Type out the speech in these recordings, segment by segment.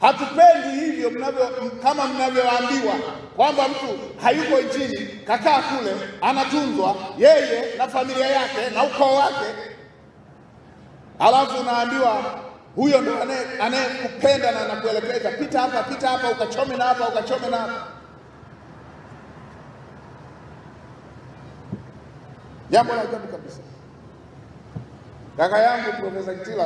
Hatupendi hivyo mnavyo, kama mnavyoambiwa kwamba mtu hayuko nchini kakaa kule anatunzwa yeye na familia yake na ukoo wake, alafu unaambiwa huyo ndo anayekupenda na anakuelekeza pita hapa, pita hapa, ukachome na hapa, ukachome na hapa. Jambo la ajabu kabisa, kaka yangu Profesa Kitila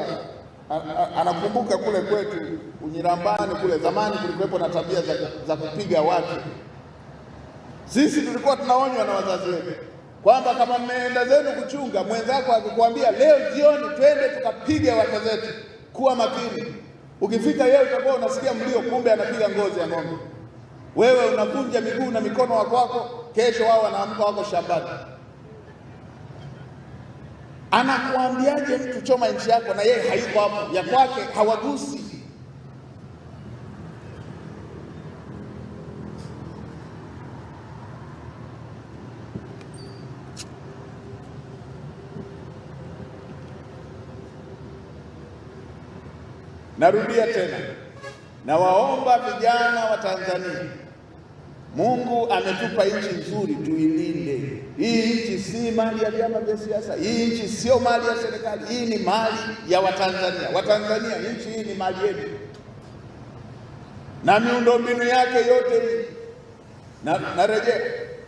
anakumbuka kule kwetu Unyirambani kule zamani kulikuwepo na tabia za, za kupiga watu. Sisi tulikuwa tunaonywa na wazazi wetu kwamba kama mmeenda zenu kuchunga, mwenzako akikuambia leo jioni twende tukapiga watu zetu, kuwa makini. Ukifika yeye utakuwa unasikia mlio, kumbe anapiga ngozi ya ng'ombe, wewe unakunja miguu na mikono wako wako, kesho wao wanaamka wako shambani. Anakuambiaje mtu choma nchi yako na yeye haiko hapo, ya kwake hawagusi. Narudia tena, nawaomba vijana wa Tanzania Mungu ametupa nchi nzuri, tuilinde. Hii nchi si mali ya vyama vya siasa, hii nchi sio mali ya serikali, hii ni mali ya Watanzania. Watanzania, nchi hii ni mali yetu na miundombinu yake yote na, narejea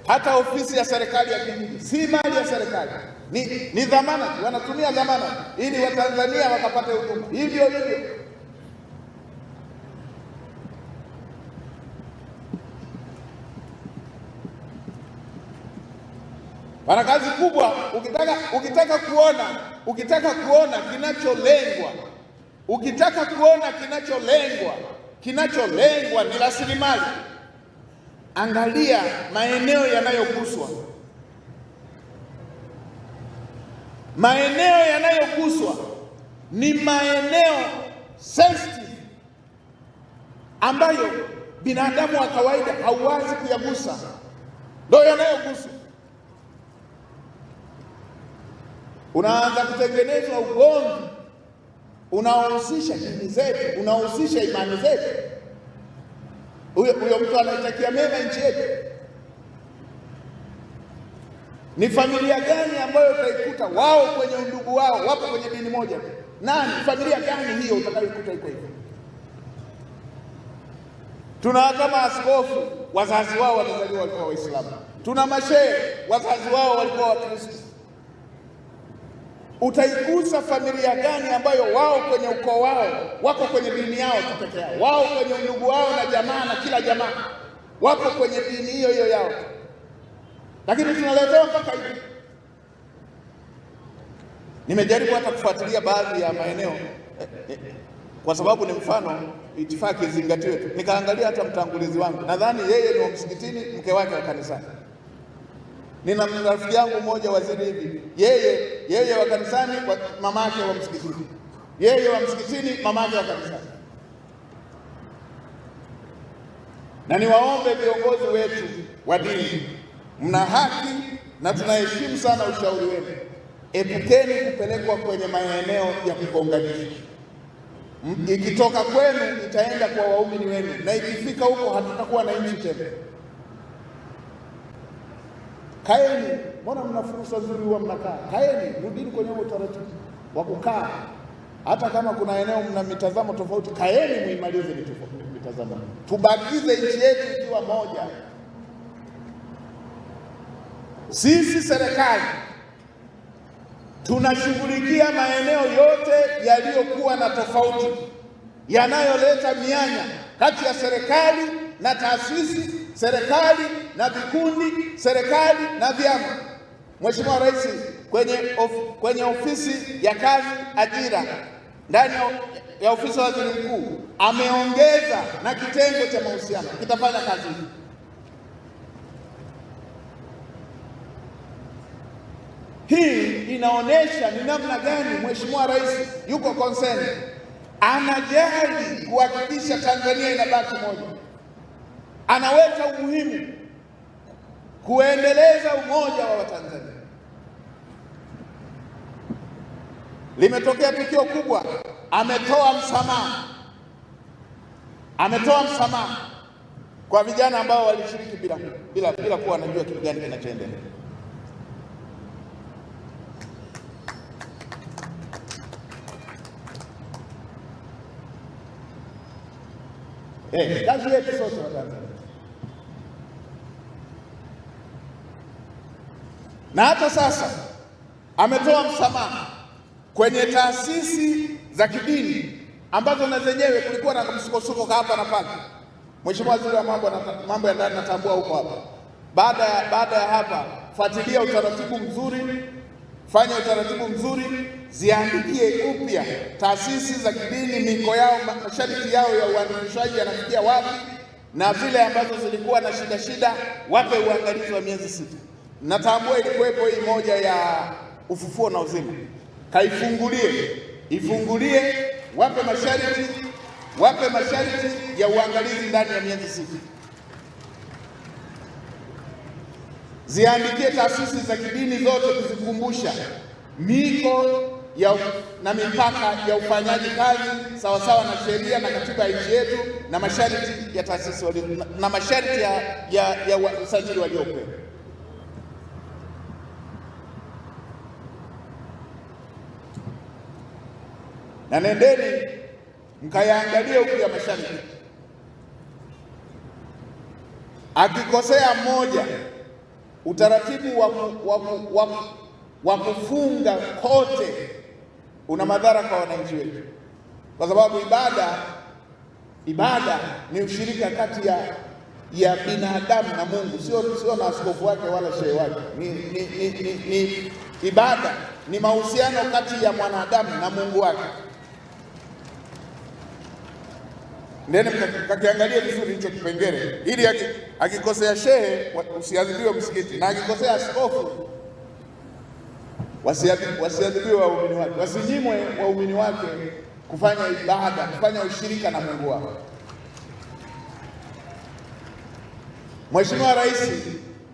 hata ofisi ya serikali ya kijiji si mali ya serikali, ni, ni dhamana, wanatumia dhamana ili Watanzania wakapate huduma, hivyo hivyo Wana kazi kubwa. Ukitaka ukitaka kuona ukitaka kuona kinacholengwa ukitaka kuona kinacholengwa kinacholengwa ni rasilimali. Angalia maeneo yanayoguswa, maeneo yanayoguswa ni maeneo sensitive ambayo binadamu wa kawaida hauwezi kuyagusa, ndio yanayoguswa. unaanza kutengenezwa ugomvi unaohusisha dini zetu, unaohusisha imani zetu. Huyo huyo mtu anaitakia mema nchi yetu, ni familia gani ambayo utaikuta wao kwenye undugu wao wapo kwenye dini moja? Nani? Familia gani hiyo utakayoikuta iko hivyo? Tuna kama askofu, wazazi wao wamezaliwa walikuwa Waislamu. Tuna mashehe, wazazi wao walikuwa Wakristo Utaigusa familia gani ambayo wao kwenye ukoo wao wako kwenye dini yao tu peke yao, wao kwenye ndugu wao na jamaa na kila jamaa wako kwenye dini hiyo hiyo yao, lakini tunaletewa mpaka hivi. Nimejaribu hata kufuatilia baadhi ya maeneo kwa sababu ni mfano, itifaki zingatiwe tu. Nikaangalia hata mtangulizi wangu, nadhani yeye ni wa msikitini, mke wake wa kanisani. Nina rafiki yangu mmoja waziri hivi, yeye yeye wa kanisani, mama yake wa msikitini, yeye wa msikitini, mama yake wa kanisani. Na niwaombe viongozi wetu wa dini, mna haki na tunaheshimu sana ushauri wenu. Epukeni kupelekwa kwenye maeneo ya kugonganisha. Ikitoka kwenu itaenda kwa waumini wenu, na ikifika huko hatutakuwa na nchi tena. Kaeni, mbona mna fursa nzuri huwa mnakaa? Kaeni, rudini kwenye utaratibu wa kukaa, hata kama kuna eneo mna mitazamo tofauti, kaeni muimalize mitazamo, tubakize nchi yetu ikiwa moja. Sisi serikali tunashughulikia maeneo yote yaliyokuwa na tofauti yanayoleta mianya kati ya serikali na taasisi serikali na vikundi, serikali na vyama. Mheshimiwa Rais kwenye, of, kwenye ofisi ya kazi ajira ndani ya ofisi ya waziri mkuu ameongeza na kitengo cha mahusiano kitafanya kazi hii. Hii inaonyesha ni namna gani Mheshimiwa Rais yuko concerned, anajali kuhakikisha Tanzania inabaki moja anaweka umuhimu kuendeleza umoja wa Watanzania. Limetokea tukio kubwa, ametoa msamaha, ametoa msamaha kwa vijana ambao walishiriki bila, bila, bila kuwa wanajua kitu gani kinachoendelea. Hey, eh, kazi yetu sote Watanzania na hata sasa ametoa msamaha kwenye taasisi za kidini ambazo na zenyewe kulikuwa na msukosuko hapa na pale. Mheshimiwa Waziri wa mambo, na, mambo ya ndani natambua huko hapa. Baada ya baada ya hapa, fuatilia utaratibu mzuri, fanya utaratibu mzuri, ziandikie upya taasisi za kidini, miko yao, masharti yao ya uandikishaji yanafikia wapi, na vile ambazo zilikuwa na shida shida, wape uangalizi wa miezi sita natambua ilikuwepo hii moja ya ufufuo na uzima, kaifungulie, ifungulie, wape masharti, wape masharti ya uangalizi ndani ya miezi sita, ziandikie taasisi za kidini zote kuzikumbusha miko ya na mipaka ya ufanyaji kazi sawasawa na sheria na katiba ya nchi yetu na masharti ya taasisi na masharti ya, ya, ya usajili waliopewa. na nendeni mkayaangalie huku ya mashariki. Akikosea mmoja, utaratibu wa, wa, wa, wa kufunga kote una madhara kwa wananchi wetu, kwa sababu ibada ibada ni ushirika kati ya ya binadamu na Mungu, sio sio na askofu wake wala shehe wake. Ni, ni, ni, ni, ni ibada ni mahusiano kati ya mwanadamu na Mungu wake. Ndeni mkakiangalia vizuri hicho kipengele, ili akikosea shehe usiadhibiwe msikiti, na akikosea askofu wasiadhibiwe waumini wake, wasinyimwe waumini wake kufanya ibada, kufanya ushirika na Mungu wao. Mheshimiwa Rais